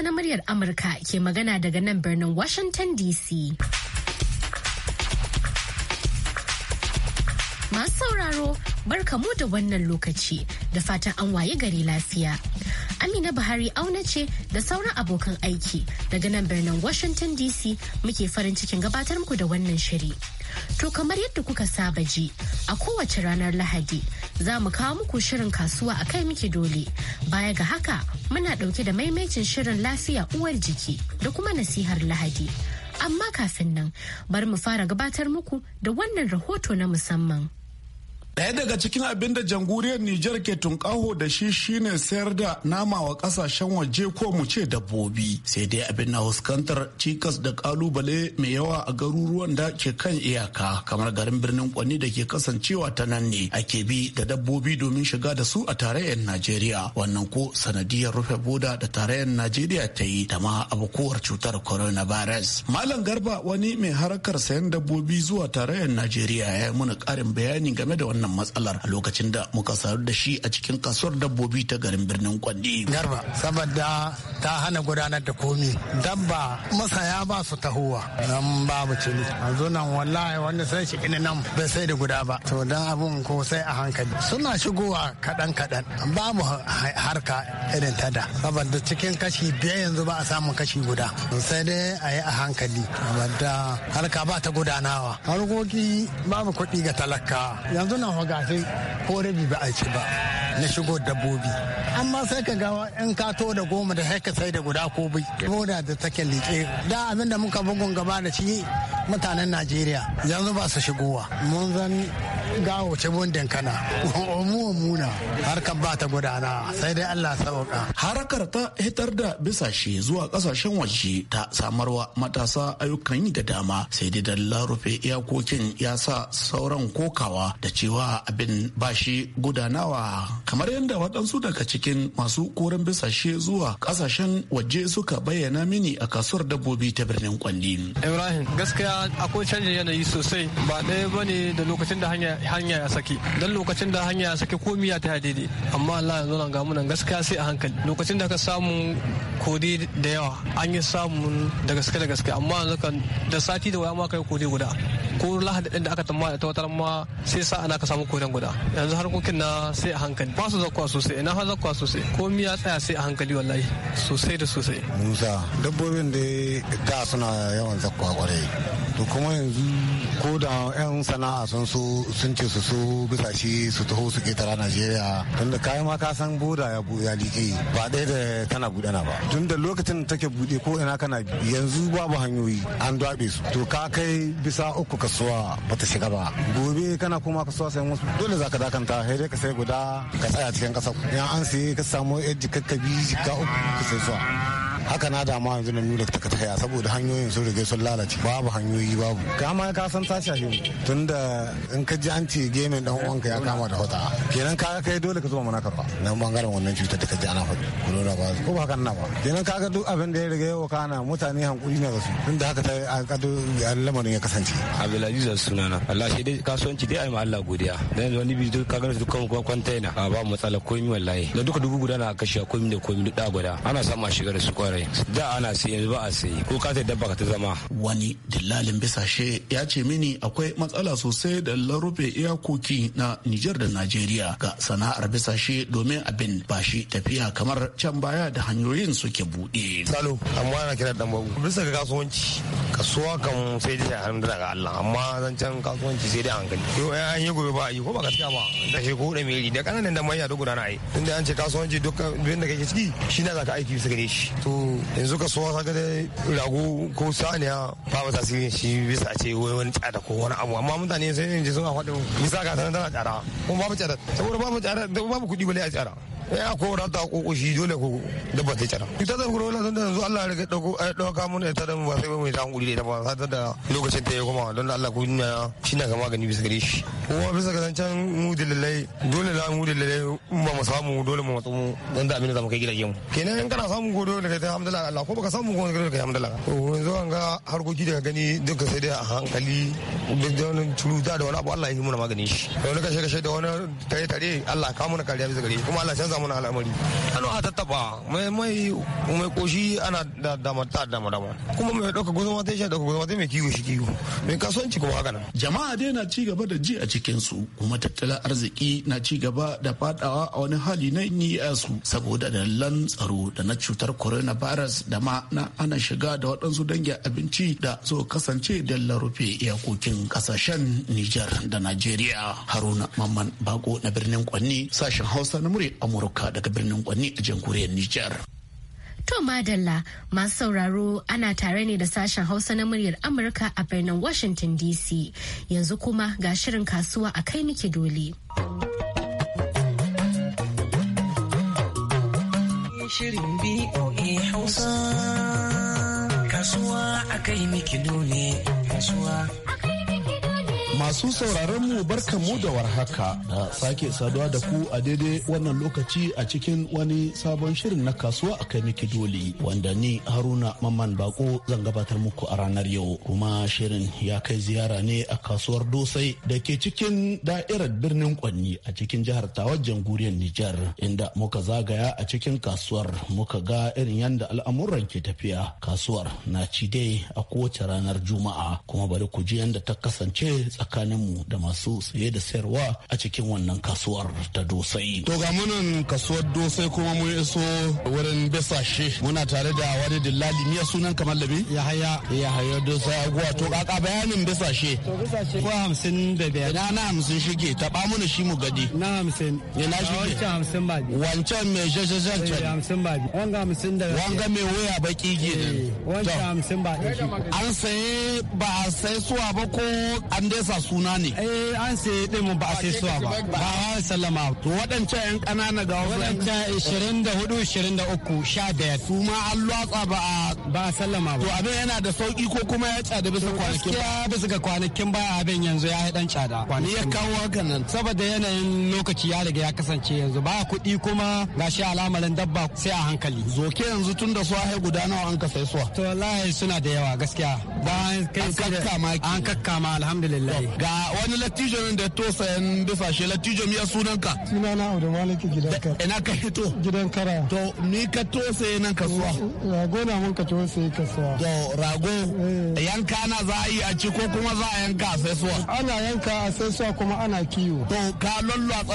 Hausa na muryar Amurka ke magana daga nan birnin Washington DC. Masu sauraro, barka mu da wannan lokaci da fatan an waye gari lafiya. Amina Buhari auna ce da sauran abokan aiki daga nan birnin Washington DC muke farin cikin gabatar muku da wannan shiri. To kamar yadda kuka saba ji a kowace ranar Lahadi za mu kawo muku shirin kasuwa a kai muke dole. Baya ga haka muna ɗauke da maimaicin shirin lafiya uwar jiki da kuma nasihar Lahadi. Amma kafin nan bari mu fara gabatar muku da wannan rahoto na musamman. Daya daga cikin abin da jamhuriyar Nijar ke tunkaho da shi shine sayar da nama wa kasashen waje ko mu ce dabbobi. Sai dai abin na fuskantar cikas da kalubale mai yawa a garuruwan da ke kan iyaka kamar garin birnin Kwani da ke kasancewa ta nan ne ake bi da dabbobi domin shiga da su a tarayyar Najeriya. Wannan ko sanadiyar rufe boda da tarayyar Najeriya ta yi da ma abokuwar cutar coronavirus. Malam Garba wani mai harkar sayan dabbobi zuwa tarayyar Najeriya ya yi mana karin bayani game da wannan wannan matsalar a lokacin da muka saru da shi a cikin kasuwar dabbobi ta garin birnin Kwandi. Garba saboda ta hana gudanar da komi dabba masaya ba su tahowa nan babu cini yanzu nan wallahi wanda sai shi ina nan bai sai da guda ba to dan abun ko sai a hankali suna shigowa kaɗan kaɗan babu harka irin ta da saboda cikin kashi biyar yanzu ba a samu kashi guda sai dai a yi a hankali saboda harka ba ta gudanawa harkoki babu kuɗi ga talaka yanzu nan nan ko rabi ba a ci ba na shigo dabbobi amma sai ka gawa in ka to da goma da sai sai da guda ko bai moda da take liƙe da abin da muka bugun gaba da shi mutanen najeriya yanzu ba su shigowa mun zan ga wace bundin kana mu muna harkar ba ta gudana sai dai Allah sauka harkar ta hitar da bisashe zuwa kasashen waje ta samarwa matasa ayyukan yi da dama sai dai da larufe iyakokin ya sa sauran kokawa da cewa abin ba shi gudanawa kamar yadda waɗansu daga cikin masu koren bisashe zuwa kasashen waje suka bayyana mini a kasuwar dabbobi ta birnin kwandi ibrahim gaskiya akwai canjin yanayi sosai ba ɗaya bane da lokacin da hanya hanya ya sake dan lokacin da hanya ya sake komi ya ta daidai amma Allah ya nan ga munan gaskiya sai a hankali lokacin da ka samu kode da yawa an yi samun da gaske da gaske amma yanzu kan da sati da waya ma kai kode guda ko lahadin da aka tamma da tawatar ma sai sa ana ka samu koren guda yanzu harkokin na sai a hankali ba su zakwa sosai ina har zakwa sosai komi ya tsaya sai a hankali wallahi sosai da sosai musa dabbobin da da suna yawan zakwa kwarai to kuma yanzu ko da yan sana'a sun so sun yancin su su bisa su taho su ketara Najeriya tunda kayan ma ka san boda ya ya liƙe ba ɗaya da tana buɗe na ba da lokacin da take buɗe ko ina kana yanzu babu hanyoyi an dabe su to ka kai bisa uku kasuwa bata shiga ba gobe kana kuma kasuwa sai musu dole zaka dakanta sai dai ka sai guda ka tsaya cikin kasa in an sai ka samu yadda kakkabi ka uku ka sai suwa haka na dama yanzu na nuna ta taya saboda hanyoyin sun riga sun lalace babu hanyoyi babu kama ka san ta shafe mu tunda in ka ji an ce gemin dan uwanka ya kama da hota kenan ka kai dole ka zo mana karba nan bangaren wannan cutar da ka ji ana faɗi corona ba ko ba kan na ba kenan ka ga duk abin da ya riga yau kana mutane hankuri ne da su tunda haka ta alƙadu lamarin ya kasance abdulaziz sunana Allah shi dai kasuwanci dai ai ma Allah godiya dan wani bi duk ka ga dukkan kwantaina ba matsala komai wallahi da duka dubu guda na kashi komai da komai duk da guda ana samu a shigar su kwaya kwarai da ana sai ba a sai ko ka sai dabba ka ta zama wani dillalin bisashe ya ce mini akwai matsala sosai da larufe iyakoki na Nijar da Najeriya ga sana'ar bisashe domin abin ba shi tafiya kamar can baya da hanyoyin suke buɗe. Salo, amma ana kira dan babu. Bisa ga kasuwanci, kasuwa kan sai dai alhamdulillah ga Allah, amma can kasuwanci sai dai hankali. ai an yi gobe ba a yi ko ba gaskiya ba, da shi ko da meri da kananan da mai ya duk gudana ai. Tunda an ce kasuwanci duk abin da kake ciki, shi na za ka aiki bisa gare shi. To babu yanzu kasuwa kaga dai ragu ko saniya ba ba ta shi bisa ce wai wani tsada ko wani abu amma mutane sai ne sun a faɗin bisa ga tana tana tsada kuma babu tsada saboda babu tsada babu kuɗi bale a tsada ya ko ranta ko koko shi dole ko da ba ta tsara ita da gura wannan da yanzu Allah ya rage dauko ai dauka mun ita da ba sai ba mai ta hankuri da ba sai da lokacin ta ya kuma don Allah ku nuna shi na ga magani bisa gare shi ko bisa ga zancan mu dillalai dole la mu dillalai in ba mu samu dole mu matsu mu dan da amina da zamu kai gidaje mu kenan in kana samu ko dole kai alhamdulillah Allah ko baka samu ko dole kai alhamdulillah to yanzu an ga harkoki daga gani duka sai dai a hankali duk da wani cuta da wani abu Allah ya yi mana magani shi wani kashe kashe da wani tare tare Allah ka mana kariya bisa gare shi kuma Allah canza mana al'amari ano a tattaba mai mai mai koshi ana da dama ta dama dama kuma mai dauka ta dauka ta mai kiwo shi kiwo mai kasuwanci kuma haka nan jama'a dai na ci gaba da ji a cikin su kuma tattalin arziki na ci gaba da fadawa a wani hali na yi su saboda dalilan tsaro da na cutar coronavirus da ma na ana shiga da waɗansu dangin abinci da so kasance la rufe iyakokin kasashen Nijar da Najeriya Haruna Mamman Bako na birnin Kwanni sashen Hausa na muri amur. amurka daga birnin kwanni a jamhuriyar nijar To Madalla masu sauraro ana tare ne da sashen Hausa na muryar Amurka a birnin Washington DC. Yanzu kuma ga shirin kasuwa a kai muke dole. Shirin dole. Masu sauraron mu barka mu da warhaka da sake saduwa da ku a daidai wannan lokaci a cikin wani sabon shirin na kasuwa a kai miki doli wanda ni Haruna Mamman Bako zan gabatar muku a ranar yau kuma shirin ya kai ziyara ne a kasuwar Dosai da ke cikin da'irar birnin Kwanni a cikin jihar Tawar jamhuriyar Nijar inda muka zagaya a cikin kasuwar muka ga irin yadda al'amuran ke tafiya kasuwar na ci dai a kowace ranar Juma'a kuma bari ku ji yadda ta kasance tsakanin tsakaninmu da masu saye da sayarwa a cikin wannan kasuwar ta dosai. To ga munan kasuwar dosai kuma mun iso wurin besashe muna tare da wani dillali miya sunan kamar labi? Yahaya. Yahaya dosai aguwa to kaka bayanin besashe. To besashe. Ko hamsin da biyar. Ina na hamsin shige taɓa mana shi mu gadi. Na hamsin. Ina shige. Wancan hamsin ba biyu. Wancan mai jajajan can. Eh, hamsin ba biyu. Wanga hamsin da. Wanga mai waya baki gidan. Eh, wancan hamsin ba biyu. An saye ba a sai suwa ba ko an dai sa su suna ne eh an sai din ba a sai suwa ba ba a sallama to waɗancan yan ƙanana ga waɗancan 24 23 15 su ma an lwatsa ba a ba a sallama ba to abin yana da sauki ko kuma ya tsada bisa kwanakin ba bisa ga kwanakin ba abin yanzu ya yi dan tsada ni ya kawo hakan nan saboda yanayin lokaci ya riga ya kasance yanzu ba kuɗi kuma gashi alamarin dabba sai a hankali zoke yanzu tun da suwa guda nawa an ka sai suwa to wallahi suna da yawa gaskiya ba an kakkama an kakkama alhamdulillah ga wani lattijo nan da to sayan bisa shi lattijo miya sunanka sunana Audu Maliki gidan kara ina ka hito gidan kara to ni ka to saye nan suwa? rago na mun ka to ka suwa. to rago eh. yanka na za a yi a ci ko kuma za a yanka a sai suwa ana yanka a sai suwa kuma ana kiwo to ka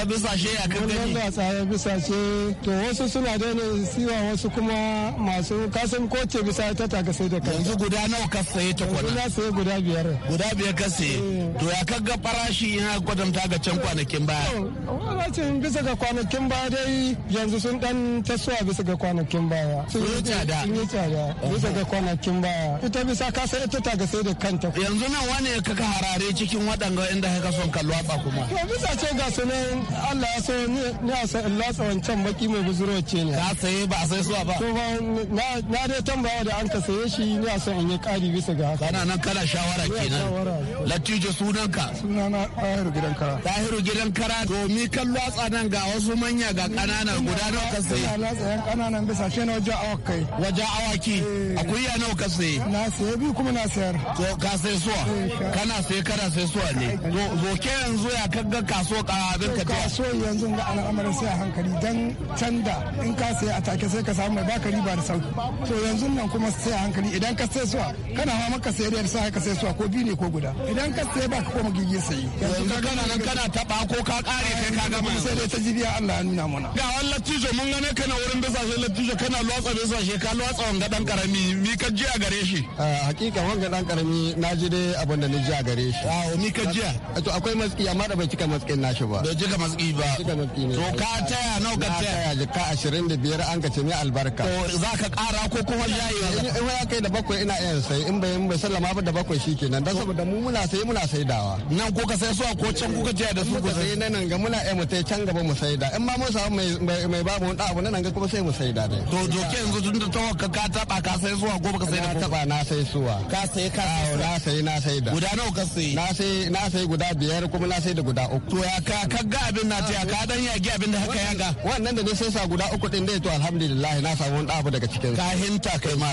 a bisa shi a kan gani lallwatsa bisa shi to wasu suna daina siwa wasu kuma masu kasan koce bisa ta taka sai da kai yanzu guda nawa ka saye ta kwana na saye guda biyar guda biyar ka saye eh. to To ya kaga farashi ya gwadanta ga can kwanakin baya? Farashin bisa ga kwanakin baya dai yanzu sun dan tasowa bisa ga kwanakin baya. Sun yi tsada. Sun yi tsada bisa ga kwanakin baya. Ita bisa ka sai ita ta ga sai da kanta. Yanzu nan wani ya kaka harare cikin waɗanga inda ka son a kuma. To bisa ce ga sunan Allah ya sayo ni a san Allah wancan baki mai buzuro ce ne. Ka saye ba a sai suwa ba. To na dai tambaya da an ka saye shi ni a san in yi ƙari bisa ga haka. Kana nan kana shawara kenan. Latijo su sunanka sunana tahiru gidan kara tahiru gidan kara to mi kan latsa nan ga wasu manya ga kanana guda nawa ka sayi ina latsa yan kananan bisa shi na waje awaki. waje awaki eh. akuya nawa ka sayi na sai bi kuma na sayar to ka sai suwa eh, kana sai kana sai suwa ne to zo ke yanzu ya kaga kaso ka abin ka ta kaso yanzu ga al'amarin sai a hankali dan canda in ka sai a take sai ka samu mai baka riba da sauki to yanzu nan kuma sai a hankali idan ka sai suwa kana ma maka sai da sai ka sai suwa ko biyu ne ko guda idan ka sai ba ka koma gigin sayi yanzu ka gana nan kana taba ko ka kare kai ka gama sai dai ta jibiya Allah ya nuna mana ga wannan tijo mun gane kana wurin bisashe latijo kana lotsa bisashe ka lotsa wanga dan karami mi ka ji a gare shi eh, hakika wanga dan karami na ji dai abin da ni ji a gare shi a mi ka ji eh, to akwai matsi amma da bai cika matsin nashi ba bai cika matsi ba ne to ka taya nawa ka taya ya ka 25 an ka ce ni albarka to za ka kara ko kuma yayi in ya kai da bakwai ina iya sai in bai sallama ba da bakwai shikenan dan saboda mu muna sai muna sai da saidawa nan ko ka sai a ko can ko ka jiya da su ku sai nan ga muna ai eh, mu tai can gaba mu saida in ma mun samu mai mai ba mu abu nan ga kuma sai mu saida dai to doke yanzu tun da tawa ka taba ka sai a ko ka sai da taba na sai a ka sai ka sai na sai na saida da guda nawa ka sai na sai na sai guda biyar kuma na sai da guda uku to ya ka ka ga abin na tiya ka dan yage abin da haka ya ga wannan da ne sai sa guda uku din dai to alhamdulillah na samu wani abu daga cikin ka hinta kai ma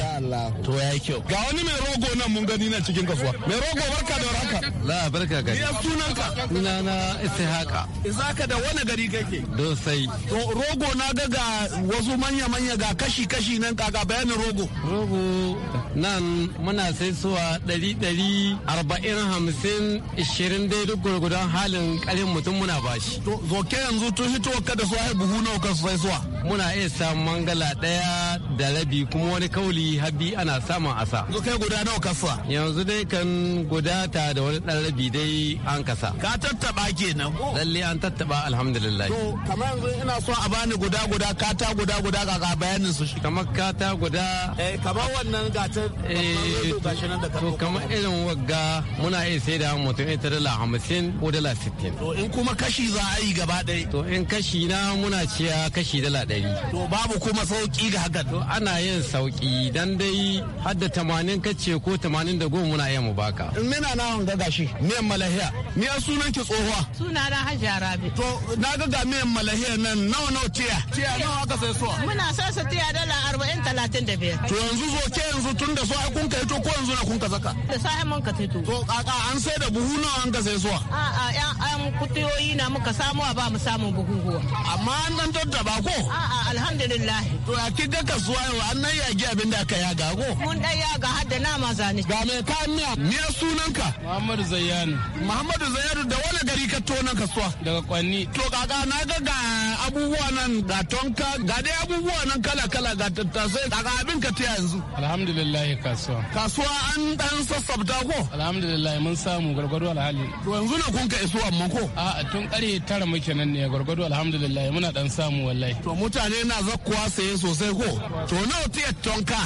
to ya kyau ga wani mai rogo nan mun gani na cikin kasuwa mai rogo barka da warhaka barka gari. Ya sunanka? Sunana Ishaqa. ka da wani gari kake? Dosai. To rogo na ga ga wasu manya-manya ga kashi-kashi nan kaga bayanin rogo. Rogo nan muna sai suwa ɗari ɗari arba'in hamsin ishirin dai duk gwargwadon halin ƙarin mutum muna bashi. To zoke yanzu tun hito kada su haihu buhu nawa ka sai suwa. Muna iya samun mangala ɗaya da rabi kuma wani kauli habi ana samun asa. Zoke guda nawa suwa? Yanzu dai kan guda ta da wani ɗan rabi dai an kasa ka tattaba kenan lalle an tattaba alhamdulillah to kamar yanzu ina so a bani guda guda kata guda guda ga ga bayanin su shi kamar kata guda eh kamar wannan ga ta eh, to kamar irin wagga muna iya sai da mutum ita dala hamsin ko dala sittin to in kuma kashi za a yi gaba ɗaya to in kashi na muna ciya kashi dala ɗari to babu kuma sauki ga hakan to ana yin sauki dan dai har da tamanin kace ko tamanin da goma muna iya mu baka in muna na gashi miyan malahiya ni a sunan ki tsohuwa suna na hajji Arabi. to na ga ga miyan malahiya nan nawa nawa tiya tiya nawa aka sai suwa muna sa su tiya dala arba'in talatin da biyar to yanzu zo ke yanzu tun da so ai kun kai to ko yanzu na kun ka saka da ai mun ka to to kaka an sai da buhu nawa an ka sai suwa a a yan an kutiyoyi na muka samu a ba mu samu buhu huwa amma an dan ba ko a a alhamdulillah to a kidda kasuwa yau an nan gi abin da aka yaga ko mun ya yaga hadda na ma zani ga me ka miya miya sunanka muhammadu zayya gaskiya muhammadu zayadu da wani gari ka tona kasuwa daga kwanni to kaga na ga ga abubuwa nan ga tonka ga dai abubuwa nan kala kala ga tattasai daga abin ka ta yanzu alhamdulillah kasuwa kasuwa an dan sassabta ko alhamdulillah mun samu gargado alhali to yanzu na kun ka iso amma ko a tun kare tara muke nan ne gargado alhamdulillah muna dan samu wallahi to mutane na zakkuwa saye sosai ko to nawa ta tonka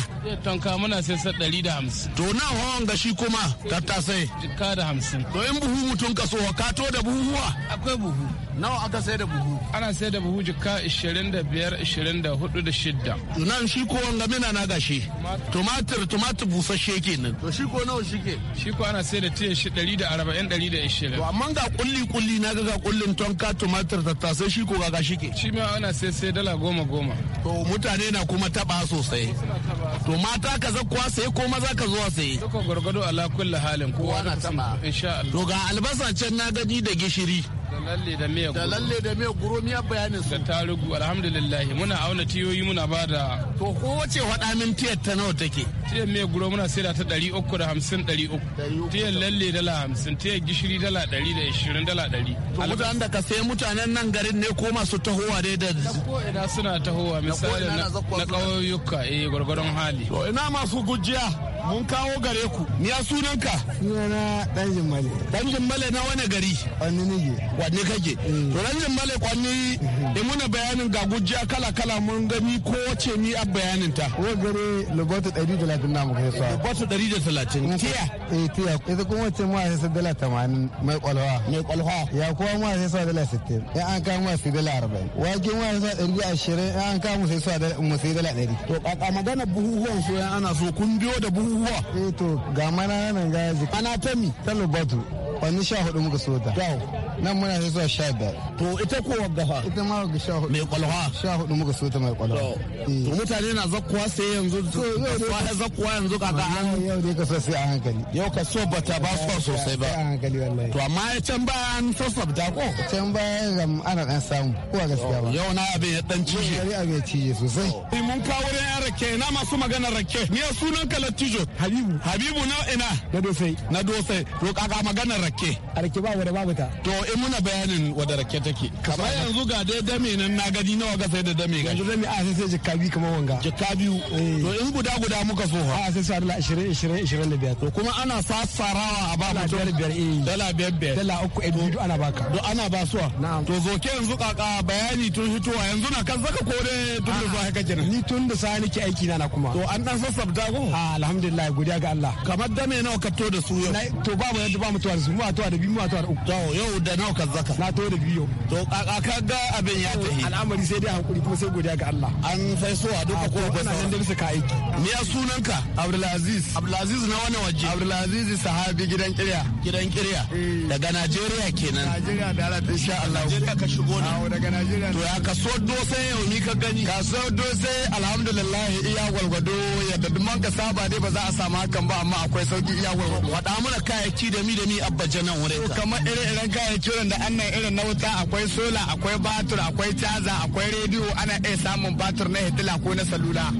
tonka muna sai sa 150 to na hawan gashi kuma tattasai jikka da hamsin. talatin. To in buhu mutum kaso ka to da buhuwa? Akwai buhu. Nawa aka sai da buhu? Ana sai da buhu jika ishirin da biyar ishirin da hudu da shidda. Nan shi ko wanga mina na gashi. Tumatir tumatir busasshe nan. To shi ko nawa shi ke? Shi ko ana sai da tiyan shi ɗari da arba'in ɗari da ishirin. To amma ga kulli kulli na ga kullin tonka tumatir tattasai shi ko ga gashi ke. Shi ma ana sai sai dala goma goma. To mutane na kuma taɓa sosai. to mata ka kuwa saye ko maza ka zuwa saye Duka gwargwado ala kulli halin kowa na sama insha Allah to ga albasa can na gani da gishiri lalle da miya da lalle da miya guro miya bayanin su da tarugu alhamdulillah muna auna tiyoyi muna ba da to ko wace faɗa min tiyar ta nawa take tiyar miya guro muna da ta ɗari uku da hamsin ɗari uku tiyar lalle dala hamsin tiyar gishiri dala ɗari da ishirin dala ɗari to mutanen da ka sai mutanen nan garin ne ko masu tahowa dai da ko ina suna tahowa misali na ƙauyuka eh gwargwaron hali to ina masu gujiya mun kawo gare ku ni ya sunanka sunana dan jimmale dan jimmale na wani gari wani nige wani kake to mm. dan jimmale kwani da mm-hmm. muna bayanin ga gujiya kala kala mun gani ko wace ni a bayanin ta ko gare lubatu 130 na muka yasa lubatu 130 tiya eh tiya ita kuma wace ma sai sa dala 80 mai kwalwa mai kwalwa ya kuma ma sai sa dala 60 ya an kama sai dala 40 wake ma sai sa 120 ya an mu sai sa dala 100 to kaka magana buhuhuwan so ana so kun biyo da buhu abubuwa eh to ga mana nan ga ji ana ta mi talubatu wani sha hudu muka so ta nan muna sai zuwa sha biyar to ita ko waggafa ita ma wagga sha hudu mai kwalwa sha hudu muka so ta mai kwalwa to eh. mutane na zakkuwa sai yanzu kasuwa ya zakkuwa yanzu ka ga an yau dai kaso sai a hankali yau kaso ba ta ba su sosai ba to amma ya can ba an sassabta ko can ba ana dan samu ko gaskiya ba yau na abin ya dan cije yau abin ya cije sosai mun kawo da yan rake na masu magana rake ni ya sunan ka latijo habibu habibu na ina na dosai na dosai to kaka magana rake a rake ba wanda babu ta to in eh, muna bayanin wadda rake take kamar yanzu ga dai dame nan na gani nawa ga sai da dame ga yanzu dame a sai sai jikka biyu kamar wanga jikka biyu eh. to in guda guda muka so ha a sai sai dala 20 20 25 to kuma ana sassarawa a ba mutum dala biyar eh. dala biyar biyar dala uku a biyu ana baka to ana ba suwa to zoke yanzu kaka bayani tun fitowa yanzu na kan zaka kore tun da zuwa haka kenan ni tun da sa nake aiki na na kuma to an dan sassabta ko Ha alhamdulillah godiya ga Allah kamar dame nawa ka to da su yau to babu yadda ba mutuwa da su to da biyu to da uku To yau da nawa zaka. na to da biyo to a ka ga abin ya tafi al'amari sai dai hankuri kuma sai godiya ga Allah an sai so a duka ko ba san da bisa ka aiki me ya ka Abdulaziz Abdulaziz na wani waje Abdulaziz sahabi gidan kirya gidan kirya eh. daga Najeriya kenan Najeriya da Allah insha Allah Najeriya ka shigo na daga Najeriya to ya do sai yau ni ka gani kaso sai alhamdulillah iya gwalgwado yadda da duman ka saba dai ba za a samu hakan ba amma akwai sauki iya gwalgwado wada mana kayaki da mi da mi abba janan wurin kamar ire-iren kayaki kiran da annan irin na wuta akwai sola akwai batur akwai caza akwai rediyo ana iya samun batur na hitila ko na salula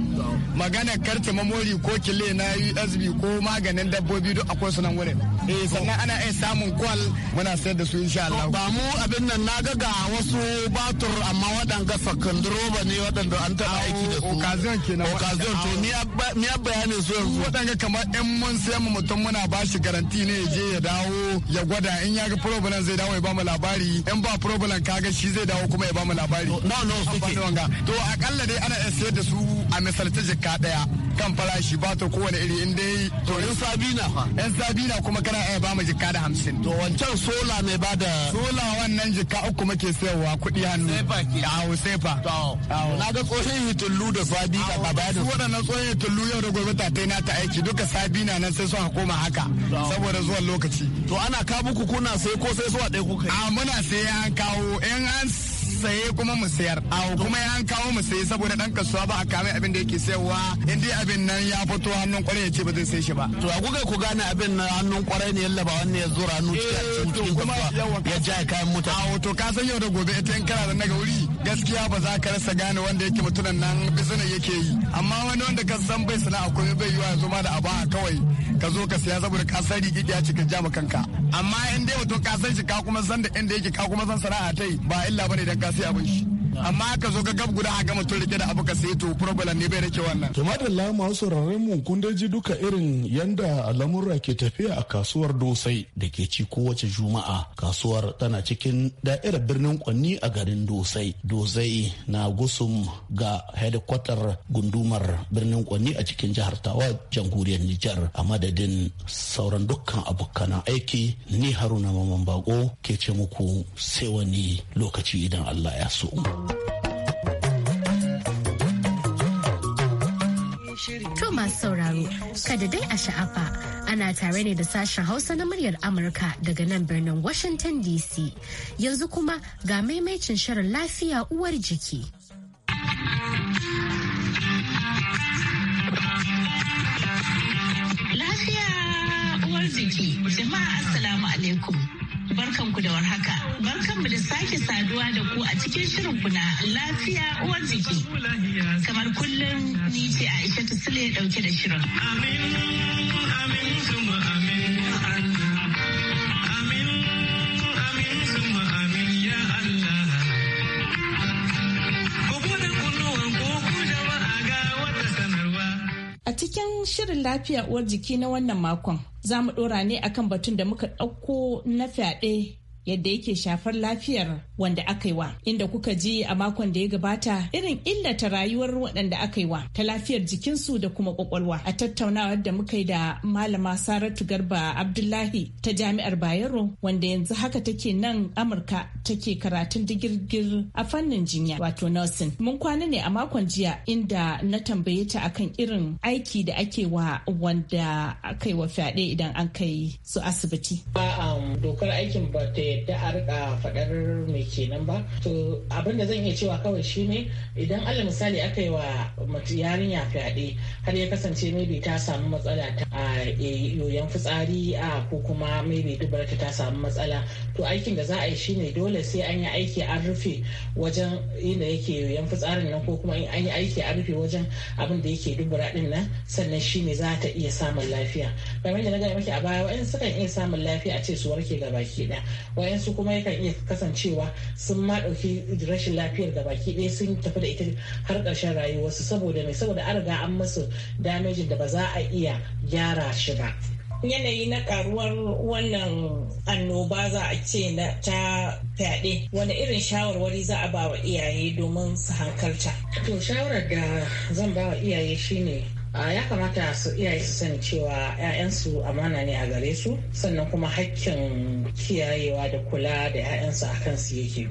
magana karta mamori ko kile na yi usb ko maganin dabbobi duk akwai nan wurin eh sannan ana iya samun kwal muna sayar da su insha Allah ba mu abin nan na ga ga wasu batur amma sakandro ba ne waɗanda an taɓa aiki da su occasion kenan occasion to ni ya bayanin su yanzu waɗanga kamar ɗan mun sai mu mutum muna ba shi garanti ne ya je ya dawo ya gwada in ya ga problem zai dawo ya ba mu labari in ba problem kaga shi zai dawo kuma ya ba mu labari no no suke to akalla dai ana iya sayar da su a misalta jikka daya kan farashi ba to kowane iri in dai to yan sabina fa yan sabina kuma kana iya ba mu jikka da hamsin to wancan sola mai ba da sola wannan jikka uku muke sayarwa kuɗi hannu sefa ke awo sefa na ga tsohon hitullu da sabina ba ba da waɗannan tsohon hitullu yau da gobe ta ta na ta aiki duka sabina nan sai sun koma haka saboda zuwan lokaci to ana kabu ku kuna sai ko sai suwa ɗaya kuka a muna sai an kawo in an saye kuma mu sayar a kuma ya kawo mu saye saboda dan kasuwa ba a kame abin da yake sayarwa in dai abin nan ya fito hannun kwarai ya ce ba zai sai shi ba to a kuka ku gane abin na hannun kwarai ne yalla ba wannan ya zura ranu cikin eh, kasuwa ya ja kayan mutane a to ka san yau da gobe ita in kana da naga wuri gaskiya ba za ka rasa gane wanda yake mutunan nan bizina yake yi amma wani wanda ka san bai sana'a komai bai yiwa yanzu ma da abaha kawai ka zo ka siya saboda ka san rigigi ya cikin jama kanka amma in dai mutum ka san shi ka kuma san da inda yake ka kuma san sana'a ta yi ba illa bane dan ka sai abin shi amma ka zo ka gab guda a gama tun rike da abu ka sai to problem ne bai rike wannan to madalla masu sauraron mu kun daji duka irin yanda lamura ke tafiya a kasuwar dosai da ke ci kowace juma'a kasuwar tana cikin da'irar birnin kwanni a garin dosai dosai na gusum ga hedikwatar gundumar birnin kwanni a cikin jihar tawa jamhuriyar nijar a madadin sauran dukkan abokan aiki ni haruna mamman bako ke ce muku sai wani lokaci idan allah ya so. To masu sauraro, kada dai a sha'afa ana tare ne da sashen Hausa na muryar Amurka daga nan birnin Washington DC. Yanzu kuma ga maimaicin shirin lafiya uwar jiki. Lafiya uwar jiki, jama'a Assalamu alaikum. Barkan ku da warhaka. Barkanmu da sake saduwa da ku a cikin shirin ku na lafiya uwar jiki. Kamar kullum ni ce Aisha Tusule ya dauke da shirin. Amin, amin, amin. cikin shirin lafiya uwar jiki na wannan makon za mu ɗora ne akan batun da muka ɗauko na fyaɗe yadda yake shafar lafiyar wanda aka yi wa inda kuka ji a makon da ya gabata irin illata rayuwar waɗanda aka yi wa ta lafiyar jikinsu da kuma kwakwalwa a tattaunawar da muka yi da malama saratu garba abdullahi ta jami'ar bayero wanda yanzu haka take nan amurka take karatun digirgir a fannin jinya wato nursing mun kwana ne a makon jiya inda na tambaye ta akan irin aiki da ake wa wanda aka yi wa fyaɗe idan an kai su asibiti. Um, dokar aikin ba ta yadda a rika faɗar mai kenan ba to abin da zan iya cewa kawai shi ne idan allah misali aka yi wa yarinya fyaɗe har ya kasance maybe ta samu matsala ta e, yoyon fitsari a ko kuma maybe dubarta ta samu matsala to aikin da za a yi shi ne dole sai an yi aiki an rufe wajen inda yake yoyon fitsarin nan ko kuma an yi aiki an rufe wajen abin da yake dubura din nan sannan shi ne za ta iya samun lafiya kamar da na gaya maki a baya wa'in sukan iya samun lafiya a ce su warke gaba ke ɗaya wayansu kuma yakan iya kasancewa sun ma ɗauki rashin lafiyar da baki ɗaya sun tafi da ita har ƙarshen rayuwarsu saboda mai saboda an riga an masu damejin da ba za a iya gyara shi ba. yanayi na karuwar wannan annoba za a ce na ta fyaɗe wani irin shawarwari za a ba wa iyaye domin su hankalta. to shawarar da zan ba wa iyaye shine ya kamata su iyaye su sani cewa 'ya'yansu amana ne a gare su sannan kuma hakkin kiyayewa da kula da 'ya'yansu a kansu yake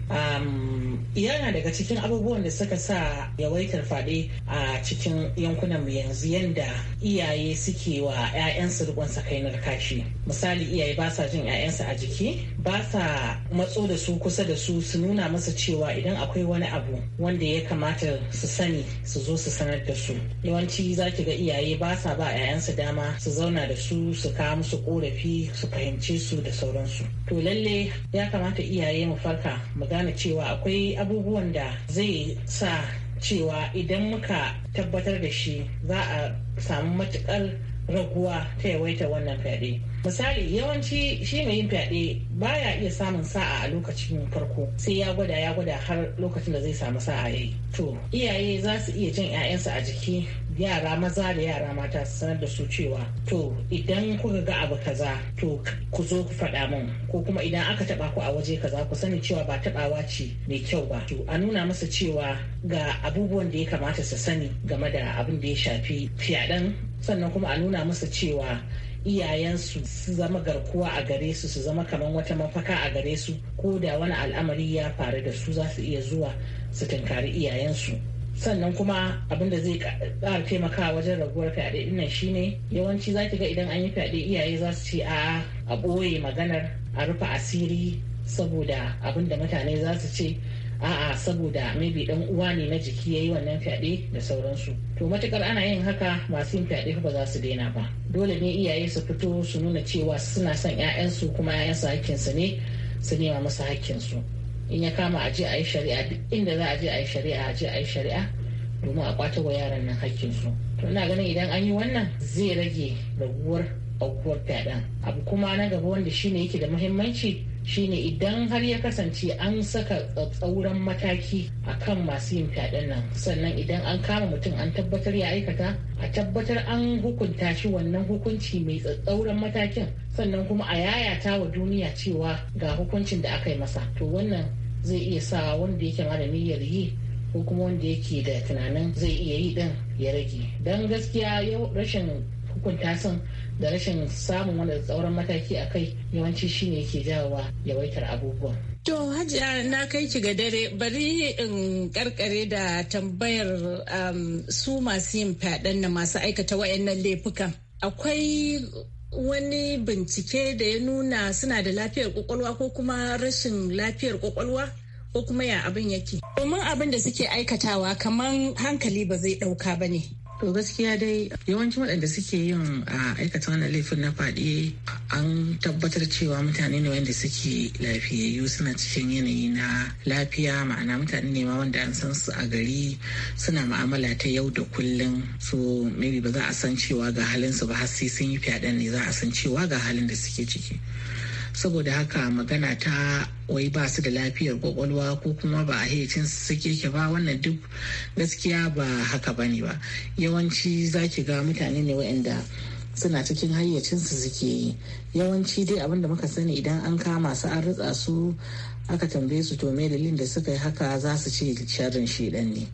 yana daga cikin abubuwan da suka sa yawaitar fade a cikin yankunan mu yanzu yanda iyaye suke wa 'ya'yansu rikon sakainar kashi misali iyaye ba sa jin 'ya'yansu a jiki ba sa matso da su kusa da su su nuna masa cewa idan akwai wani abu wanda ya kamata su sani su zo su sanar da su yawanci zaki ga iyaye ba sa ba 'ya'yansu dama su zauna da su su kawo musu korafi su fahimce su da sauransu to lalle ya kamata iyaye mu farka mu gane cewa akwai abubuwan da zai sa cewa idan muka tabbatar da shi za a samu matukar raguwa ta yawaita wannan fyaɗe. misali yawanci shi mai yin fyaɗe ba ya iya samun sa'a a lokacin farko sai ya gwada ya gwada har lokacin da zai samu sa'a yayi to iyaye za su iya jin 'ya'yansu a jiki yara maza da yara mata su sanar da su cewa to idan kuka ga abu kaza to ku zo ku faɗa min ko kuma idan aka taɓa ku a waje kaza ku sani cewa ba taɓawa ce mai kyau ba to a nuna masa cewa ga abubuwan da ya kamata su sani game da abin da ya shafi fyaɗen sannan kuma a nuna masa cewa iyayensu su zama garkuwa a gare su su zama kamar wata mafaka a gare su ko da wani al'amari ya faru da su za su iya zuwa su tunkari iyayensu sannan kuma abin da zai ƙara taimakawa wajen raguwar fyaɗe nan shine yawanci za ki ga idan an yi fyaɗe iyaye za su ce a a ɓoye maganar a rufe asiri saboda abin da mutane za su ce a'a saboda maybe dan uwa ne na jiki yayi wannan fyaɗe da sauransu to matukar ana yin haka masu yin fyaɗe ba za su daina ba dole ne iyaye su fito su nuna cewa suna son 'ya'yansu kuma 'ya'yansu hakkinsu ne su nema musu hakkinsu in ya kama a je a yi shari'a duk inda za a je a yi shari'a a je a yi shari'a domin a kwato wa yaran nan hakkinsu to ina ganin idan an yi wannan zai rage raguwar aukuwar fyaɗen abu kuma na gaba wanda shine yake da muhimmanci shine idan har ya kasance an saka tsatsauran mataki a kan masu yin fyaɗen nan sannan idan an kama mutum an tabbatar ya aikata a tabbatar an hukunta shi wannan hukunci mai tsauran matakin sannan kuma a yayata wa duniya cewa ga hukuncin da aka yi masa to wannan zai iya sa wanda yake mara niyyar yi ko kuma wanda yake da tunanin zai iya yi din ya rage don gaskiya yau rashin hukunta sun da rashin samun wani tsauran mataki a kai yawanci shine ke jawowa yawaitar abubuwan. To Hajiya na kai ki ga dare bari in karkare da tambayar um, su masu yin fyaɗen na masu aikata wayannan laifukan. Akwai wani bincike da ya nuna suna da lafiyar kwakwalwa ko kuma rashin lafiyar kwakwalwa ko kuma ya abin yake. Domin abin da suke aikatawa kamar hankali ba zai ɗauka ba ne. To gaskiya dai yawancin waɗanda suke yin a aikata wannan laifin na faɗi an tabbatar cewa mutane ne wanda suke lafiyayyu suna cikin yanayi na lafiya ma'ana mutane ne ma wanda an san su a gari suna ma'amala ta yau da kullum so maybe ba za a san cewa ga halin su ba har sai sun yi fyaɗe ne za a san cewa ga halin da suke ciki. saboda haka magana ta wai ba su da lafiyar kwakwalwa ko kuma ba a hecin suke ke ba wannan duk gaskiya ba haka bane ba yawanci zaki ga mutane ne waɗanda suna cikin hayyacinsu suke yi yawanci dai abin da muka sani idan an kama su an ritsa su aka tambaye su to me dalilin da suka yi haka za su ce sharrin dan ne.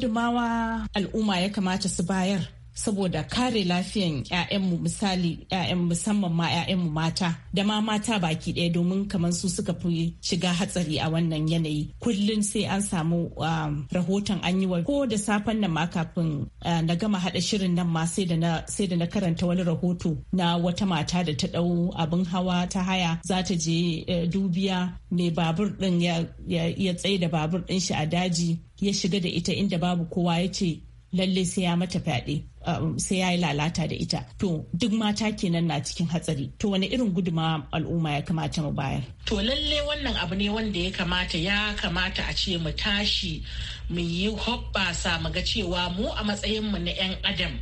gudumawa al'umma ya kamata su bayar saboda kare lafiyan 'ya'yanmu misali 'ya'yan musamman ma 'ya'yanmu mata da ma mata baki ɗaya domin kamar su suka fi shiga hatsari a wannan yanayi kullum sai an samu um, rahoton an yi wa ko da safen nan ma kafin uh, na gama haɗa shirin nan ma sai da na karanta wani rahoto na wata mata da ta ɗau abin hawa ta haya za ta je uh, dubiya mai babur ɗin ya tsaye da babur ɗin shi a daji ya shiga da ita inda babu kowa ya ce lalle sai ya mata fyaɗe Um, sai ya yi lalata da ita to duk mata kenan na cikin hatsari to wani irin guduma al'umma ya kamata mu bayar to lalle wannan abu ne wanda ya kamata ya kamata a ce mu tashi mu yi hoɓɓasa mu ga cewa mu a matsayin mu na 'yan adam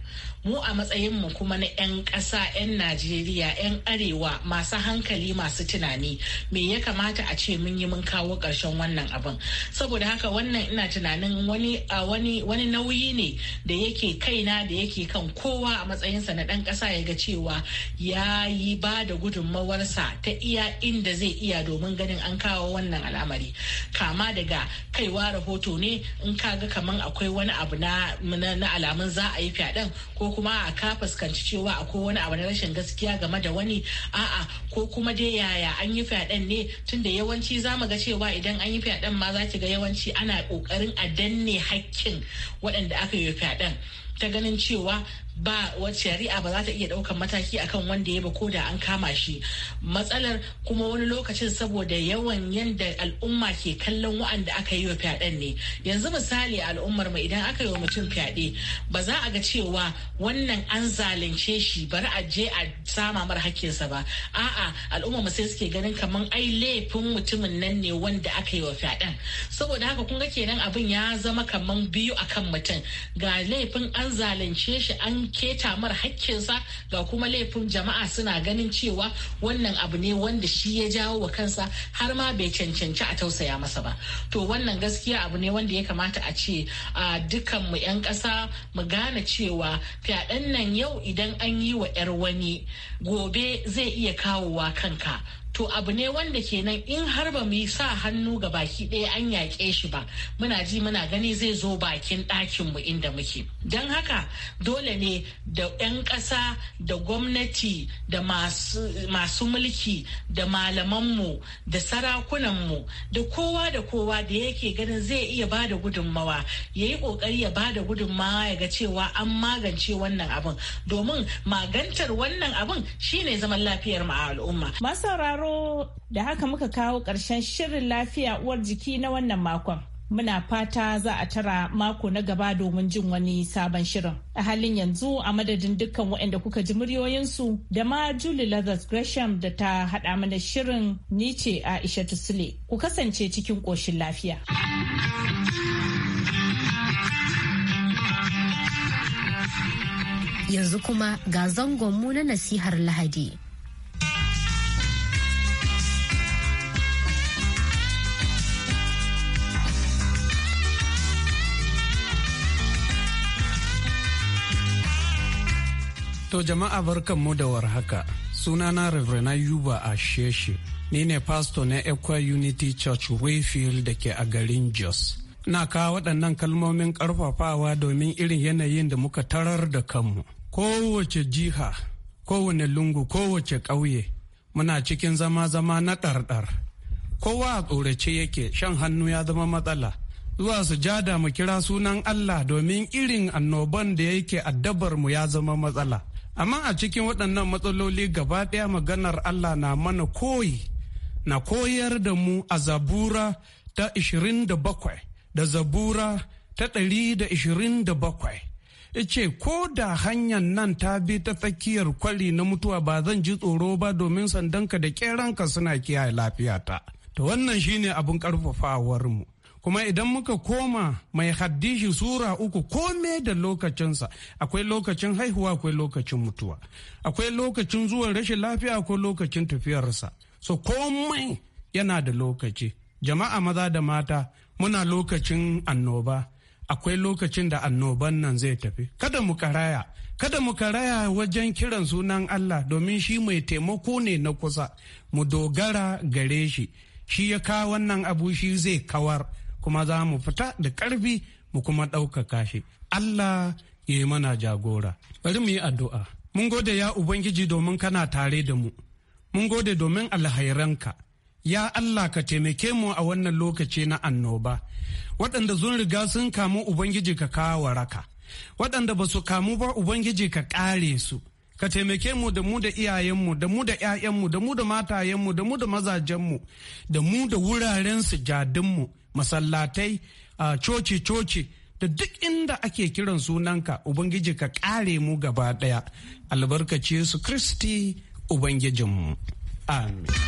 mu a matsayinmu kuma na 'yan ƙasa 'yan najeriya 'yan arewa masu hankali masu tunani me ya kamata a ce mun yi mun kawo ƙarshen wannan abin saboda haka wannan ina tunanin wani wani nauyi ne da yake kaina da yake yake kan kowa a matsayinsa na ɗan ƙasa ya ga cewa ya yi ba da gudunmawarsa ta iya inda zai iya domin ganin an kawo wannan al'amari kama daga kaiwa rahoto ne in ka ga kaman akwai wani abu na alamun za a yi fyaɗen ko kuma a ka fuskanci cewa akwai wani abu na rashin gaskiya game da wani a'a ko kuma dai yaya an yi fyaɗen ne tunda yawanci za mu ga cewa idan an yi fyaɗen ma za ki ga yawanci ana kokarin a danne hakkin waɗanda aka yi fyaɗen ta ganin cewa ba wacce shari'a ba za ta iya ɗaukan mataki akan wanda ya ba ko da an kama shi matsalar kuma wani lokacin saboda yawan yadda al'umma ke kallon wa'anda aka yi wa fyaɗen ne yanzu misali al'ummar mu idan aka yi wa mutum fyaɗe ba za a ga cewa wannan an zalunce shi bari a je a sama mara hakkinsa ba a'a al'ummar mu sai suke ganin kaman ai laifin mutumin nan ne wanda aka yi wa fyaɗen saboda haka kun ga kenan abin ya zama kaman biyu akan mutum ga laifin an zalunce shi an keta mar hakkinsa ga kuma laifin jama'a suna ganin cewa wannan abu ne wanda shi ya jawo wa kansa har ma bai cancanci a tausaya masa ba to wannan gaskiya abu ne wanda ya kamata a ce a dukan mu 'yan ƙasa mu gane cewa fyaɗen nan yau idan an yi wa 'yar wani gobe zai iya kawowa kanka to abu ne wanda kenan in har ba mu yi sa hannu ga baki ɗaya an yaƙe shi ba muna ji muna gani zai zo bakin ɗakinmu inda muke don haka dole ne da 'yan ƙasa da gwamnati da masu mulki da malamanmu da sarakunanmu da kowa da kowa da yake ganin zai iya ba da gudunmawa ya yi ƙoƙari ya ba da gudunmawa ya ga cewa an magance wannan abin domin magantar wannan abin shine zaman lafiyar mu a al'umma. Masauraro da haka muka kawo ƙarshen shirin lafiya uwar jiki na wannan makon. Muna fata za a tara mako na gaba domin jin wani sabon shirin. A halin yanzu a madadin dukkan waɗanda kuka ji muryoyinsu da ma Julie Lazarus Gresham da ta haɗa mana shirin ni ce Aisha Tusule. Ku kasance cikin ƙoshin lafiya. Yanzu kuma ga zangonmu na nasihar Lahadi. To jama'a mu da warhaka. Sunana Reverend Yuba Asheshe. Ni ne pastor na Equa Unity Church Wayfield da ke a garin Jos. Na kawo waɗannan kalmomin ƙarfafawa domin irin yanayin da muka tarar da kanmu. kowace jiha kowane lungu kowace ƙauye muna cikin zama-zama na ɗarɗar kowa a tsorace yake shan hannu ya zama matsala zuwa sujada mu kira sunan Allah domin irin annoban da yake addabar mu ya zama matsala amma a cikin waɗannan matsaloli gaba ɗaya maganar Allah na mana koyi na koyar da mu a zabura ta 27 da zabura ta 127 ya ce ko da hanyar nan ta bi ta tsakiyar kwali na mutuwa ba zan ji tsoro ba domin sandanka da ƙeranka suna kiyaye lafiyata to wannan shine abin mu kuma idan muka koma mai haddishi sura uku kome da lokacinsa akwai lokacin haihuwa akwai lokacin mutuwa akwai lokacin zuwan rashin lafiya ko lokacin tafiyarsa so komai yana da lokaci jama'a maza da mata muna lokacin annoba akwai lokacin da annoban nan zai tafi kada mu karaya kada mu karaya wajen kiran sunan Allah domin shi mai taimako ne na kusa mu dogara gare shi shi ya kawo wannan abu shi zai kawar kuma za mu fita da ƙarfi mu kuma ɗaukaka shi Allah ya yi mana jagora bari mu yi addu'a mun gode ya ubangiji domin kana tare da mu mun gode domin alhairanka ya Allah ka taimake mu a wannan lokaci na annoba waɗanda sun riga sun kamu ubangiji ka kawo waraka waɗanda ba su kamu ba ubangiji ka ƙare su ka taimake mu da mu da iyayenmu da mu da 'ya'yanmu da mu da matayenmu da mu da mazajenmu da mu da wuraren sujadinmu masallatai coci coci da duk inda ake kiran sunanka ubangiji ka ƙare mu gaba ɗaya albarkace su kristi ubangijinmu amin